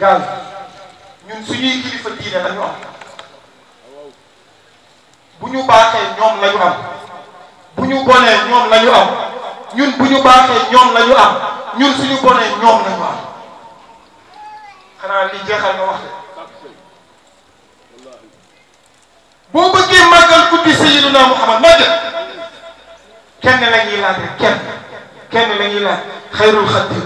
gaal ñun suñuy kilifa diine lañu am bu ñu baaxee ñoom lañu am bu ñu bonee ñoom lañu am ñun bu ñu baaxee ñoom lañu am ñun suñu bonee ñoom lañu am xanaa li jeexal nga wax boo bëggee màggal guddi Sayyidina Muhammad màggal kenn la ñuy laaj kenn kenn la ñuy laaj xayrul xadim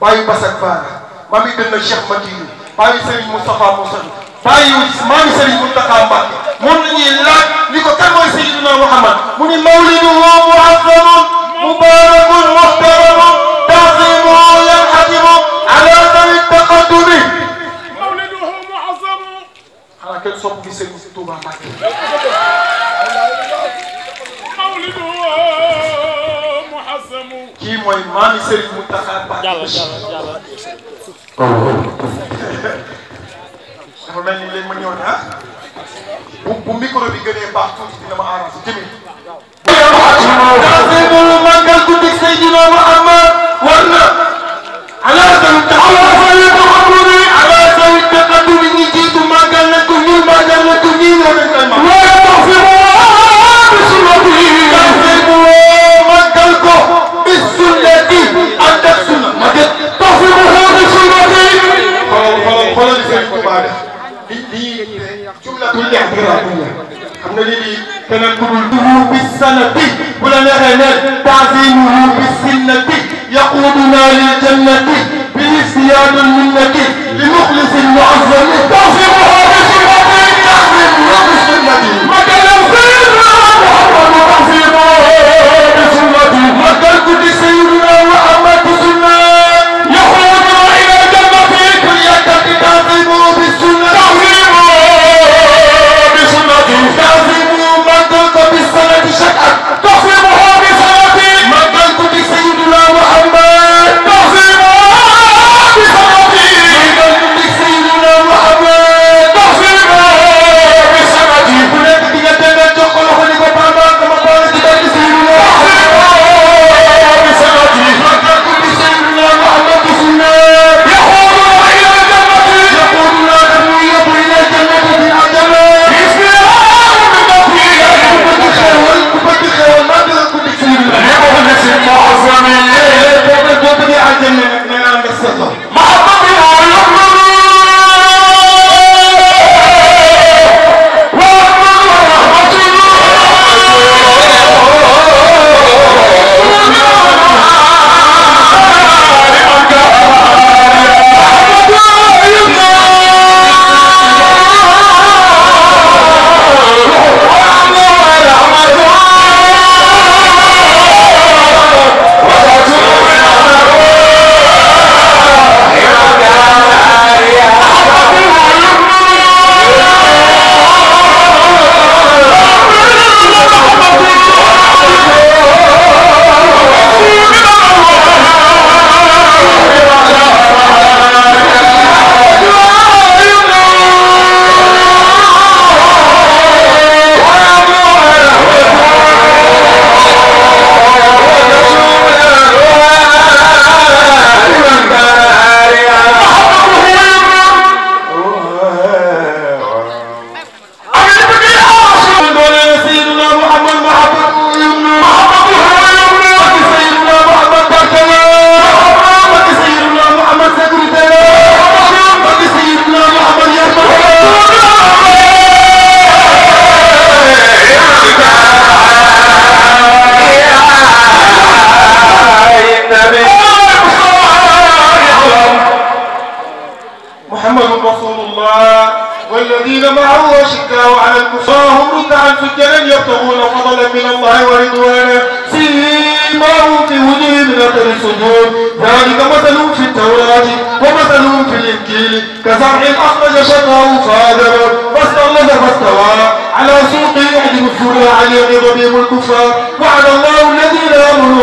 waayu basak baara ma mi dem na Cheikh Matiu bàyyi Serigne Moustapha Moussa bàyyi maa ngi Serigne Moustapha Mbacke moom la ñuy laaj ni ko kan mooy Seydina Mouhamad mu ni mawliduhu muazzamun mubarakun muhtaramun ta'zimuhu yanhadimu ala dawi taqaddumi mawliduhu muazzamun xanaa kenn sopp gi Serigne Touba Mbacke mawliduhu muazzamun kii mooy maa ngi Serigne Moustapha Mbacke dafa mel ni léegi ma ñëw na bu bu micro bi gënee baax tuuti dina ma arrangé tamit. daa seetlu màggal guddi Seydina Muhammad war na. lii jumlatul ihtiraa xam nga ni lii keneen ku dul duhu bi sanati bu la neexee ne taasimuhu bi sinnati yaquduna lil jannati bi isyaadu minnati li muxlisin muazzami taasimuhu bi sinnati taasimuhu bi sinnati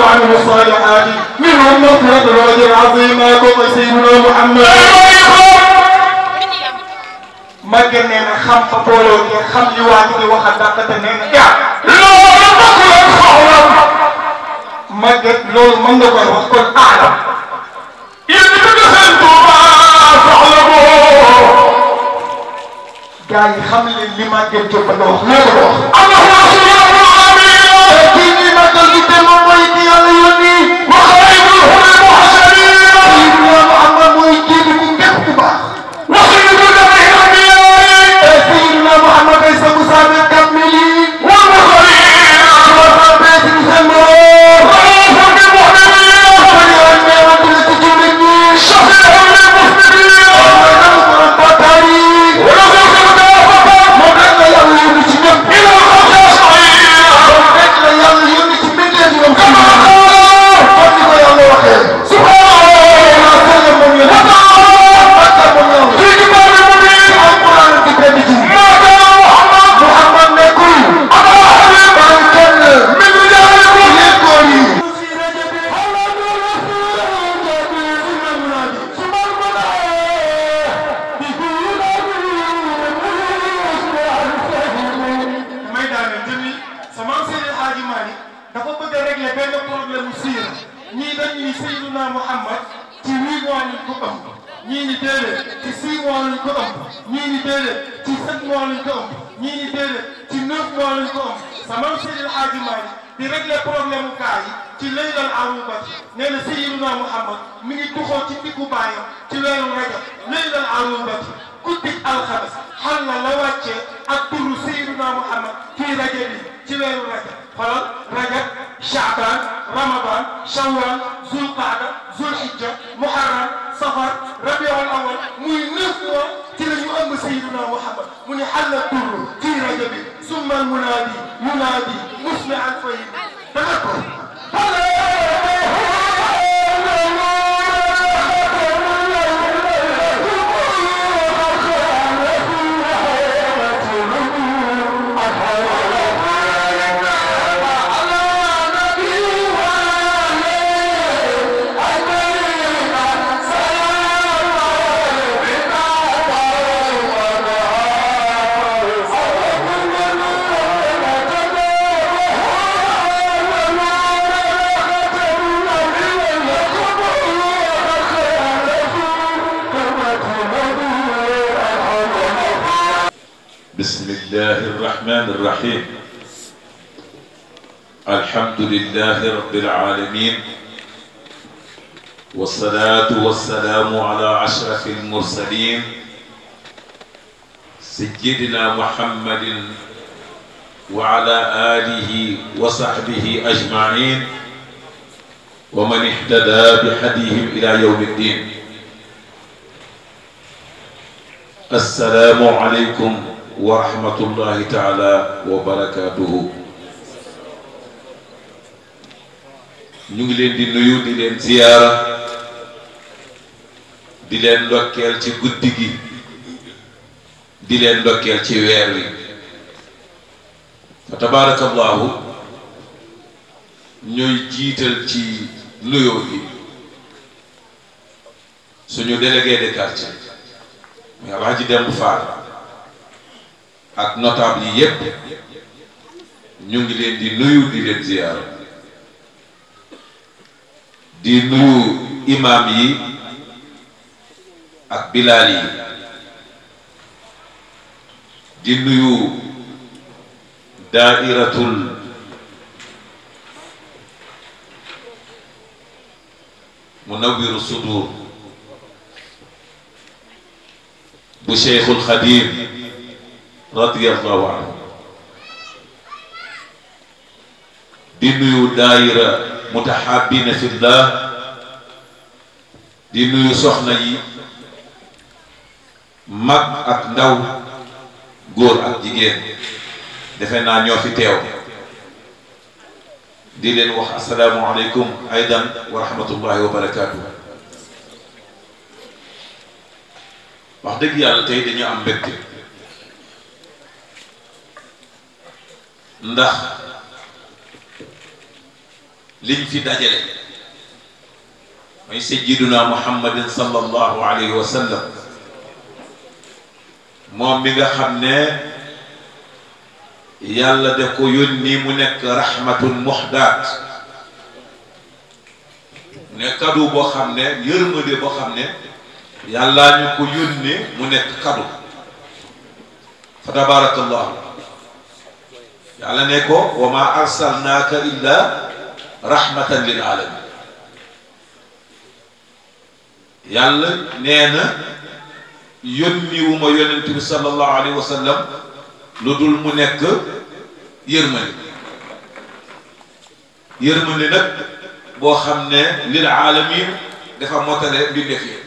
وعملوا الصالحات منهم مغفرة وأجر العظيم ابو سيدنا محمد كان نينا خم فبولو كي خم لواتي وخدقة نينا يا لول مغفرة خولم مجد لول مغفرة وكل أعلم يبتدخل توبا فعلمو جاي خم لما جبتو الله jàngi Seydina Muhammad ci huit mois lañ ko ëmb ñii ni déedéet ci six mois lañ ko ñii ni déedéet ci sept mois lañ ko ëmb ñii ni déedéet ci neuf mois lañ ko ëmb sama Seydi El Hadji Malick di régler problème mu kaa yi ci laylatul aruba nee na Seydina Muhammad mi ngi tuxoo ci diggu baayam ci weeru rajab laylatul aruba guddi alxames xal la la wàccee ak turu Seydina Muhammad fii rajo ci weeru rajab خلاص رجب شعبان رمضان شوال ذو القعده ذو الحجه محرم صفر ربيع الاول مي نفوا تلي ام سيدنا محمد من حل الدر في رجب ثم المنادي ينادي مسمع الفيل تذكر الحمد لله رب العالمين والصلاة والسلام على أشرف المرسلين سيدنا محمد وعلى آله وصحبه أجمعين ومن اهتدى بهديهم إلى يوم الدين السلام عليكم ورحمة الله تعالى وبركاته ñu ngi leen di nuyu di leen ziyaara di leen ndokkeel ci guddi gi di leen ndokkeel ci weer wi fa tabaarakallaahu ñooy jiital ci nuyoo bi suñu délégué de quartier muy Alhaji Demb Fall ak notable yi yépp ñu ngi leen di nuyu di leen ziyaara di nuyu imaam yi ak bilaal yi di nuyu daairatul munawiru sudur bu Cheikhul Xadim radiyallahu anhu di nuyu daaira متحابين في الله دي نوي سخنا يي ماك اك داو غور اك جيجين ديفنا نيو في تيو دي لين واخ السلام عليكم ايضا ورحمه الله وبركاته واخ دك يالا تاي دي نيو ام بكتي ndax لم في دجل من سيدنا محمد صلى الله عليه وسلم مؤمن خمنا يالا دكو يوني منك رحمة محدات نكادو بو خمنا يرمدي يالا نكو يوني منك كادو فتبارك الله يالا نكو وما أرسلناك إلا رحمة للعالمين يلا نينا يوني وما يوني صلى الله عليه وسلم لدول منك يرمني يرمني لك بو خمنا للعالمين دفا موتالة بيبخير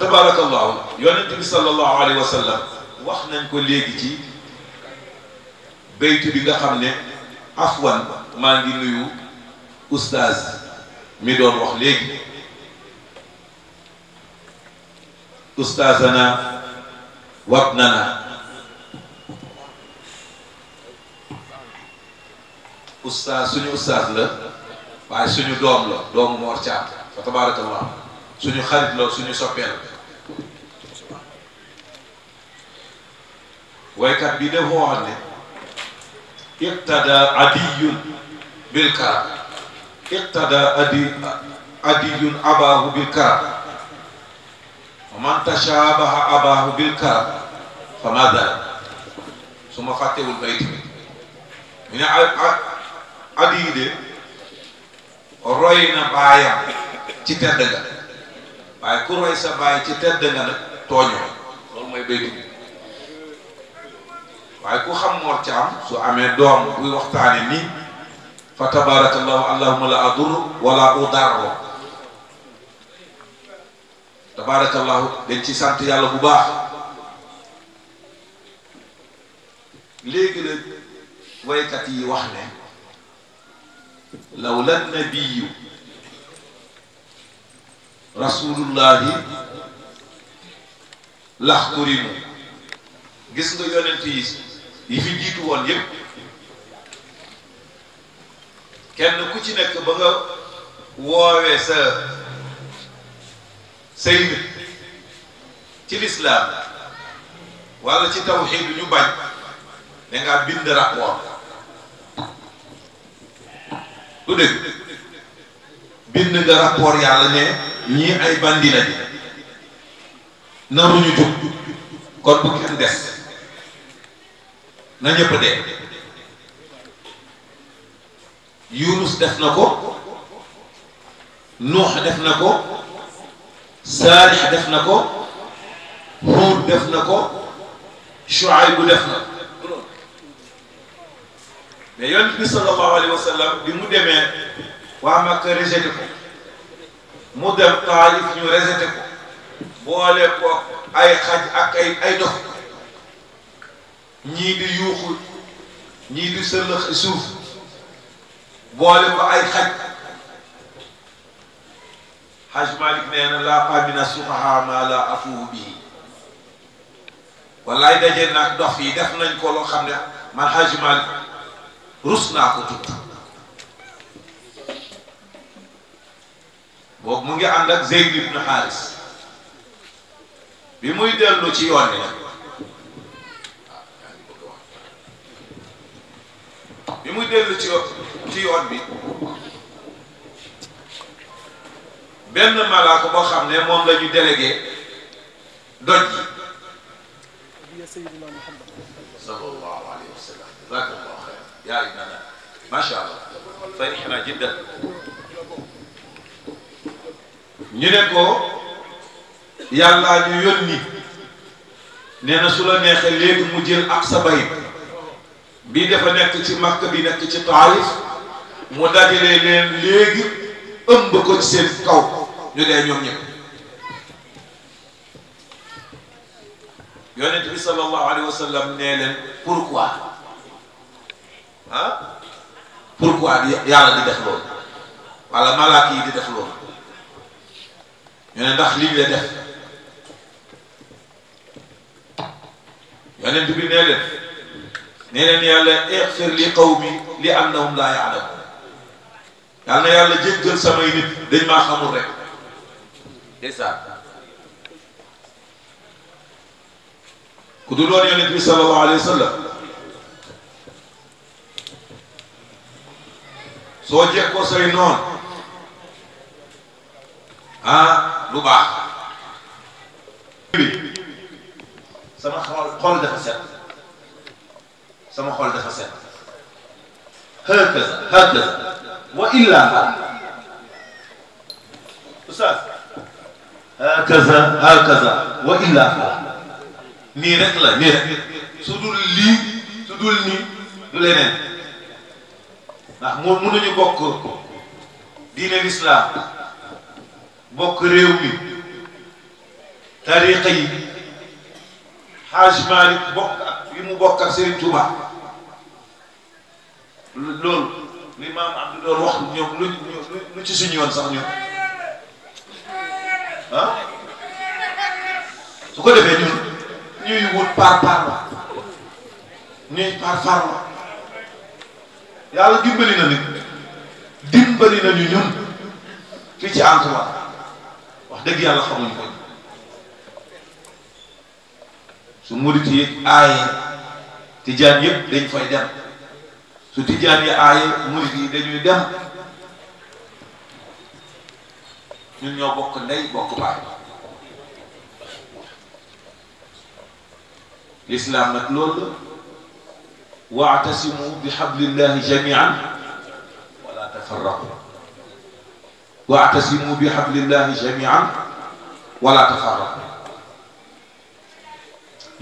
تبارك الله يونس صلى الله عليه وسلم واخنا نكو ليغي تي بيت بيغا خامني عفوا ماغي نويو استاذ مي دون واخ ليغي استاذنا وابننا استاذ سني استاذ لا باي سني دوم لا دوم مور تيا فتبارك الله سني خريط لا سني سوبيل waykat bi def moo ne iqtada adiyun bil karam iqtada adi adiyun abaahu bil karam fa ma dal su ma fàttewul bay tamit ñu ne adiyu de roy na baayam ci tedd nga waaye ku roy sa baay ci tedd nga nag tooñoo loolu mooy waaye ku xam Mor Thiam su amee doom buy waxtaane nii fa tabarakallahu allahuma la adur wala udarro tabarakallahu dañ ci sant yàlla bu baax léegi nag waykat yi wax ne law la nabiyu rasulullahi lax kurimu gis nga yonent yi yi fi jiitu woon yépp kenn ku ci nekk ba nga woowee sa say ci lislaam walla ci tawxiid ñu bañ da bind rapport du dëgg bind nga rapport yàlla ne ñii ay bandi lañu naruñu jub kon bu kenn des na ñëpp dee yunus def na ko nuux def na ko saalix def na ko huud def na ko shuaybu def na mais yonent bi sallallahu alayhi wa sallam bi mu demee waa Makka rejeté ko mu dem Taayif ñu rejeté ko boole ko ay xaj ak ay ay dox ñii di yuuxu ñii di sëllëx suuf boole ko ay xaj xaj Malick nee laa pamina sufaha ma la afuhu bii wallaay daje nag dox yi def nañ ko loo xam ne man xaj Malick rus naa ko tudd boobu mu ngi ànd ak Zeyd ibn Xaaris bi muy dellu ci yoon bi bi muy dellu ci ci yoon bi benn malaaka boo xam ne moom la ñu délégué doj yi sayyidina Muhammad sallallahu alayhi wa sallam jazakallahu xayran yaa ibnana ma sha allah farihna jiddan ñu ne ko yàllaa ñu yónni nee na su la neexee léegi mu jël ak sa bay bii dafa nekk ci Makka bi nekk ci Taayif mu dajale leen léegi ëmb ko ci seen kaw ñu dee ñoom ñëpp yonent bi sallallahu alayhi wa sallam nee leen pourquoi ah pourquoi yàlla di def loolu wala malaaka yi di def loolu ñu ne ndax lii la def yonent bi nee leen نينا يالا اغفر لقومي لانهم لا يعلمون يالنا يالا جيجل سماي نيت دنج ما خامو رك ديسا كودور يونس صلى الله عليه وسلم سو جيكو سي نون ها لو با سما خول خول دفا سيت sama xol dafa set hakaza wa illa ha ustaz hakaza wa illa ha rek la nii rek su dul lii su dul nii du leneen ndax moo mënuñu bokk diine lislaam bokk réew mi tariqa yi Hajj bokk ak mu bokk ak Serigne Touba loolu li maam Abdou doon wax ñoom lu lu ci suñu yoon sax ñoom ah su ko defee ñun ñuy wut par par la ñuy par par la yàlla dimbali na nit dimbali na ñu ñun fii ci Antoine wax dëgg yàlla xamuñ ko su murit yi aaye tijaan yëpp dañ fay dem. su tijaan yi aaye murid yi dañuy dem ñun ñoo bokk ndey bokk baay lislaam nag loolu la waatasimu bi xablillahi jamian wala tafarraqu waatasimu bi xablillahi jamian wala tafarraqu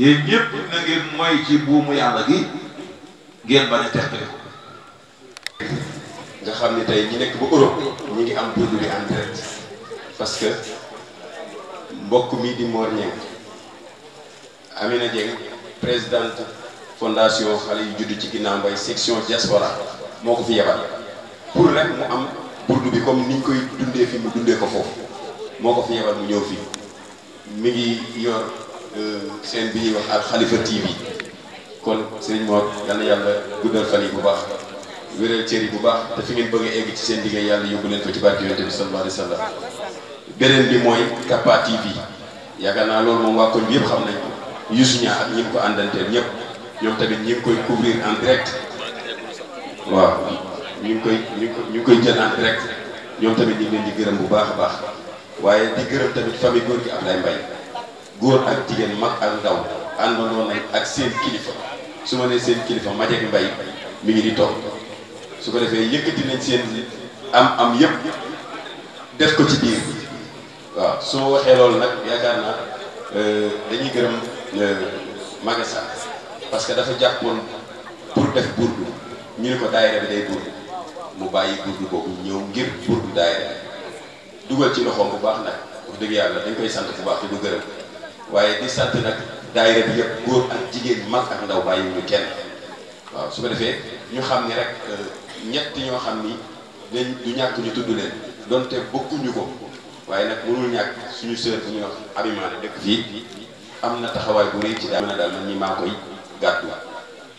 yéen mooy ci gi ngeen bañ a teqale nga xam ne tey ñi nekk ba Europe ñi ngi am dund bi en direct parce que mbokk mi di Mor Niang Amina Dieng présidente fondation xale yu judd ci ginnaa mbay section diaspora moo ko fi yebal pour rek mu am burdu bi comme niñ koy dundee fi mu dundee ko foofu moo ko fi yebal mu ñëw fii mi ngi yor euh, seen bi ñuy wax ak Xalifa TV kon sëñ Mor yal yàlla guddal fan bu baax wéral cër bu baax te fi ngeen bëgg a egg ci seen liggéey yàlla yóbbu leen ko ci barke yonent bi sallallahu alayhi wa sallam bi yaakaar naa loolu moom waa koñ xam nañ ko Youssou Niang ak ñi ko ñëpp ñoom tamit ñi koy couvrir en direct waaw ñu ngi koy ñu ngi koy jël en direct ñoom tamit ñu ngi leen di gërëm bu baax a baax waaye di gërëm tamit famille góor gi Ablaye Mbaye góor ak jigéen mag ak ndaw àndandoo nañ ak seen kilifa su ma nee seen kilifa Madiack Mbaye mi ngi di toog. su ko defee yëkkati nañ seen am am yëpp def ko ci biir waaw soo waxee loolu nag yaakaar naa euh, dañuy gërëm euh, magasin parce que dafa jàppoon pour def burdu ñu ni ko daayira bi day burdu mu bàyyi burdu boobu ñëw ngir burdu daayira dugal ci loxoom bu baax nag wax dëgg yàlla dañ koy sant bu baax te du gërëm waaye di sant nag daayira bi yëpp góor ak jigéen mag ak ndaw bàyyi ñu kenn waaw su ko defee ñu xam ni rek euh, ñett ñoo xam ni dañ du ñàkk ñu tudd leen donte bokkuñu ko waaye nag mënul ñàkk suñu sœur bu ñuy wax abimaane dëkk fii am na taxawaay bu rëy ci daal na daal man ñi maa koy gàddu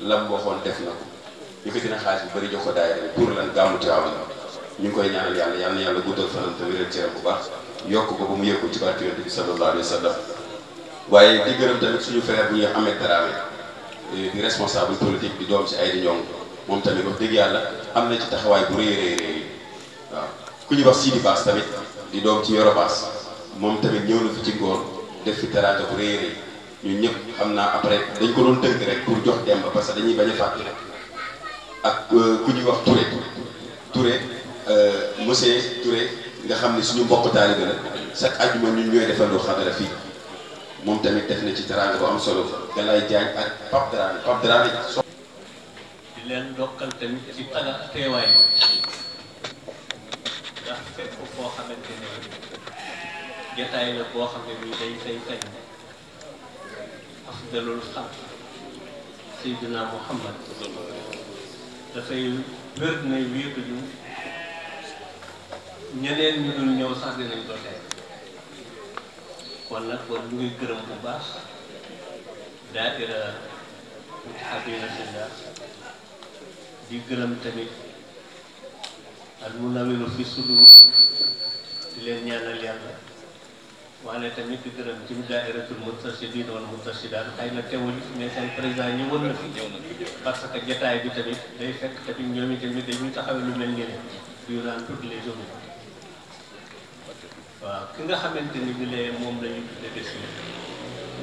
la waxoon def na ko yëkkati na xaalis bu bëri jox ko daayira pour lan gàmmu Tiwaawan ñu ngi koy ñaanal yàlla yal na yàlla guddal fanam te wéral ceram bu baax yokk ko ba mu yëg ko ci barke Yonent bi sallallahu alayhi wa waaye di gërëm tamit suñu frère bu ñuy wax Ahmed Dramé di responsable politique di doom si ay di ñoom moom tamit wax dëgg yàlla am na ci taxawaay bu rëy rëy rëy waaw ku ñuy wax Sidi Baas tamit di doom ci Yoro Baas moom tamit ñëw na fi ci ngoon def fi teraanga bu rëy rëy ñun ñëpp xam naa après dañ ko doon tënk pour jox Demba parce que dañuy bañ a fàtte ak euh, ku ñuy wax Touré Touré euh, monsieur Touré nga xam ne suñu mbokk taalibe la chaque àjjuma ñun ñooy defandoo xadara fii moom tamit def na ci teraanga bu am solo Galaye Diagne ak Pape Dramé Pape Dramé di leen dokkal kita ci tana teewaay ndax fépp boo xamante ne jataay la boo xam ne nii day fay kañ afdalul sayyidina muhammad dafay wér na wéetu ñu ñeneen ñu dul ñëw sax dinañ ko tey kon nag kon ñu ngi gërëm bu baax di gërëm tamit mu munawiru fi sudur di leen ñaanal yàlla waane tamit di gërëm ci daayiratul murtasidin wal murtasidaat xëy na teewul mais seen président ñu wër na fi parce que jotaay bi tamit day fekk tamit ñoom itamit dañuy taxawee lu mel ni ne durant toutes les journées waaw ki nga xamante ni bi lee moom la ñu tudde des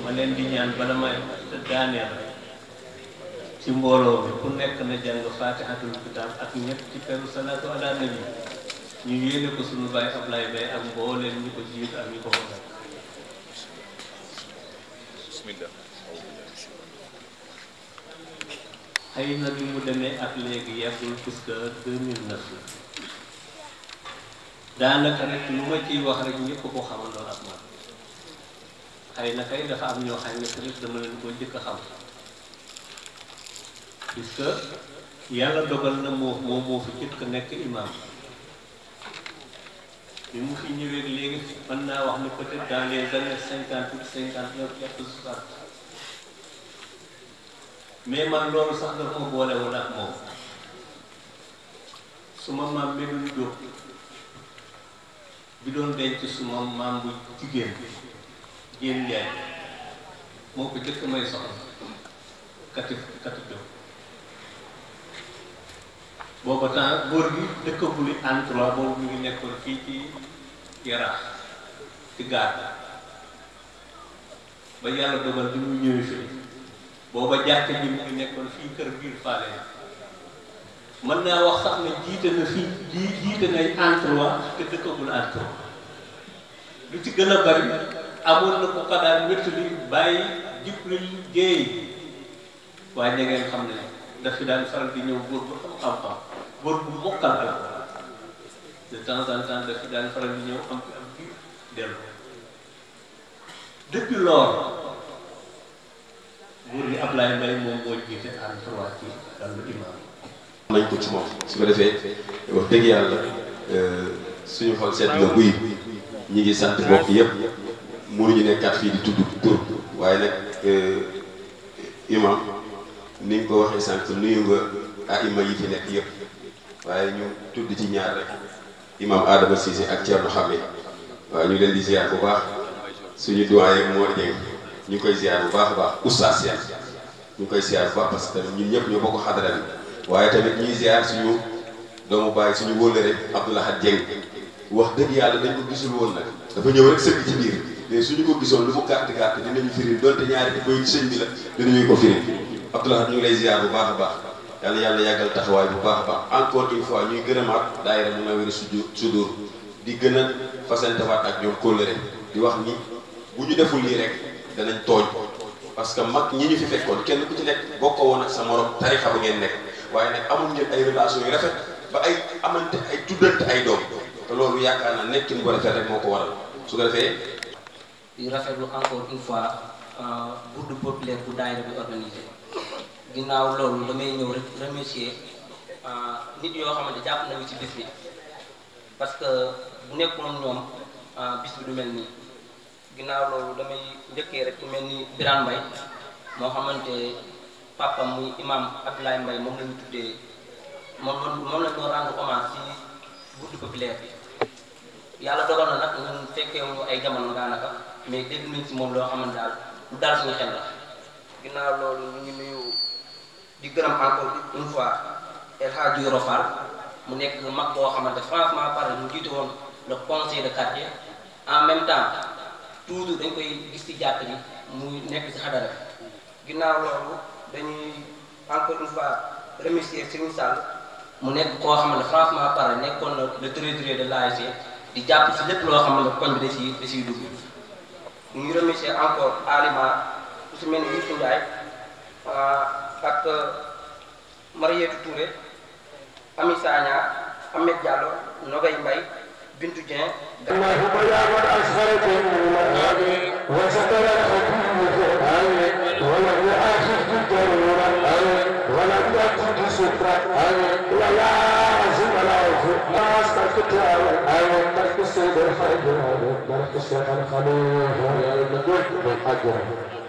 ma leen di ñaan bala ma daaneel rek ci mbooloo bi ku nekk na jàng faatihatul kitaab ak ñett ci peru salaatu ala nabi ñu yéene ko suñu bàyyi Ablaye Bay ak mbooleen ñu ko jiit ak ñu ko mos a. bismillah. xëy na bi mu demee ak léegi yàggul puisque 2009 la daanaka rek lu ma ciy wax rek ñëpp ko xamandoo ak man xëy na kay dafa am ñoo xam ne rek dama leen ko jëkk a xam. puisque yàlla dogal na moo moo moo fi jëkk nekk imaam bi mu fi ñëwee léegi mën naa wax ne peut-être dans les cinquante huit cinquante neuf jàpp soixante mais man loolu sax dafa ma boole woon ak moom suma maam Medoune Diop bi doon denc suma maam bu jigéen jigéen Njaay moo ko jëkk may soxla katif katif Diop booba temps góor gi dëkk bu li en boobu mu ngi nekkoon fii ci Yaraax ci gaar ba yàlla dogal bi mu ñëwee fii booba jàkk ji mu ngi nekkoon fii kër biir faale mën naa wax sax ne jiite na fii jii jiite nay en trois te dëkkagul en trois lu ci gën a bari amoon na ko ko daan wéttali bàyyi Jibril Jéey waaye ña xam ne daf fi daan faral di ñëw góor bu xam-xam góor bu mokkal la de temps en temps dafa daal faral di ñëw am am kii dellu depuis lool nguur gi Ablaye Mbaye moom moo jiite en trois ci nañ ko ci moom su ko defee wax dëgg yàlla euh, suñu xol seet la buy ñu ngi sant mbokk yëpp mënuñu nekkaat fii di tudd tur waaye nag euh, imaam ni nga ko waxee sànq nuyu nga ah ima yi ci nekk yëpp. waaye ñu tudd ci ñaar rek imam Adama Cissé ak Thierno Xame waaw ñu leen di ziar bu baax suñu doyen Mor Dieng ñu koy ziar bu baax a baax oustaz Sène ñu koy ziar bu baax parce que tamit ñun ñëpp ñoo bokk xadara bi waaye tamit ñuy ziar suñu doomu baay suñu wóllëre Abdoulahad Dieng wax dëgg yàlla dañ ko gisul woon nag dafa ñëw rek sëgg ci biir mais suñu ko gisoon lu mu gàtt gàtt dinañu firil donte ñaari di boy sëñ bi la dinañuy ko firil Abdoulahad ñu ngi lay ziar bu baax a baax yàlla yàlla yàggal taxawaay bu baax a baax encore une fois ñuy gërëmaat daayira mu naweru sudur di gën a fasantewaat ak ñoom kóllëre di wax ni bu ñu deful lii rek danañ tooñ parce que mag ñi ñu fi fekkoon kenn ku ci nekk bokkoo woon ak sa morom tarixa bu ngeen nekk waaye nag amul ñëpp ay relation yu rafet ba ay amante ay tuddante ay doom te loolu na naa nekkin bu rafet rek moo ko waral su ko defee di rafetlu encore une fois bourde euh, populaire bu daayira bi organisé ginnaaw loolu damay ñëw rek remercier euh, nit yoo xamante jàpp nañu ci bis bi parce que bu nekkoon ñoom euh, bis bi du mel nii ginnaaw loolu damay njëkkee rek ku mel ni Birane Mbaye xamante papa muy imam Abdoulaye Mbaye moom lañu tuddee moom moom lañu ko rendre ci guddi populaire bi yàlla dogal na nag ñun fekkeewuñu ay jamono daanaka mais dégg nañ ci moom loo xamante daal lu daal suñu xel la ginnaaw loolu ñu nuyu di gërëm encore une fois El Hadj Yoro mu nekk mag boo xamante franchement parlé mu jiitu woon le conseil de quartier en même temps toujours dañ koy gis ci jàkk bi mu nekk ci xadara bi ginnaaw loolu dañuy encore une fois remercier Serigne Sall mu nekk koo xamante franchement parlé nekkoon na le trésorier de l'ASC di jàpp ci lépp loo xam ne koñ bi da ciy da ciy dugg ñu remercier encore Alima su mel ni Youssou Ndiaye ah, ak Mariétu Touré Ami Sagna Ahmed Diallo Nogay Mbaye Bintu Dieng allahumma ya'mal asfarakum wa satarakum amin wa la yu'akhidu darura amin wa la yu'akhidu sutra amin wa la azim ala ufu ma astaqtu amin amin tarku sayyid al-khalid tarku sayyid al-khalid wa la yu'akhidu al-ajra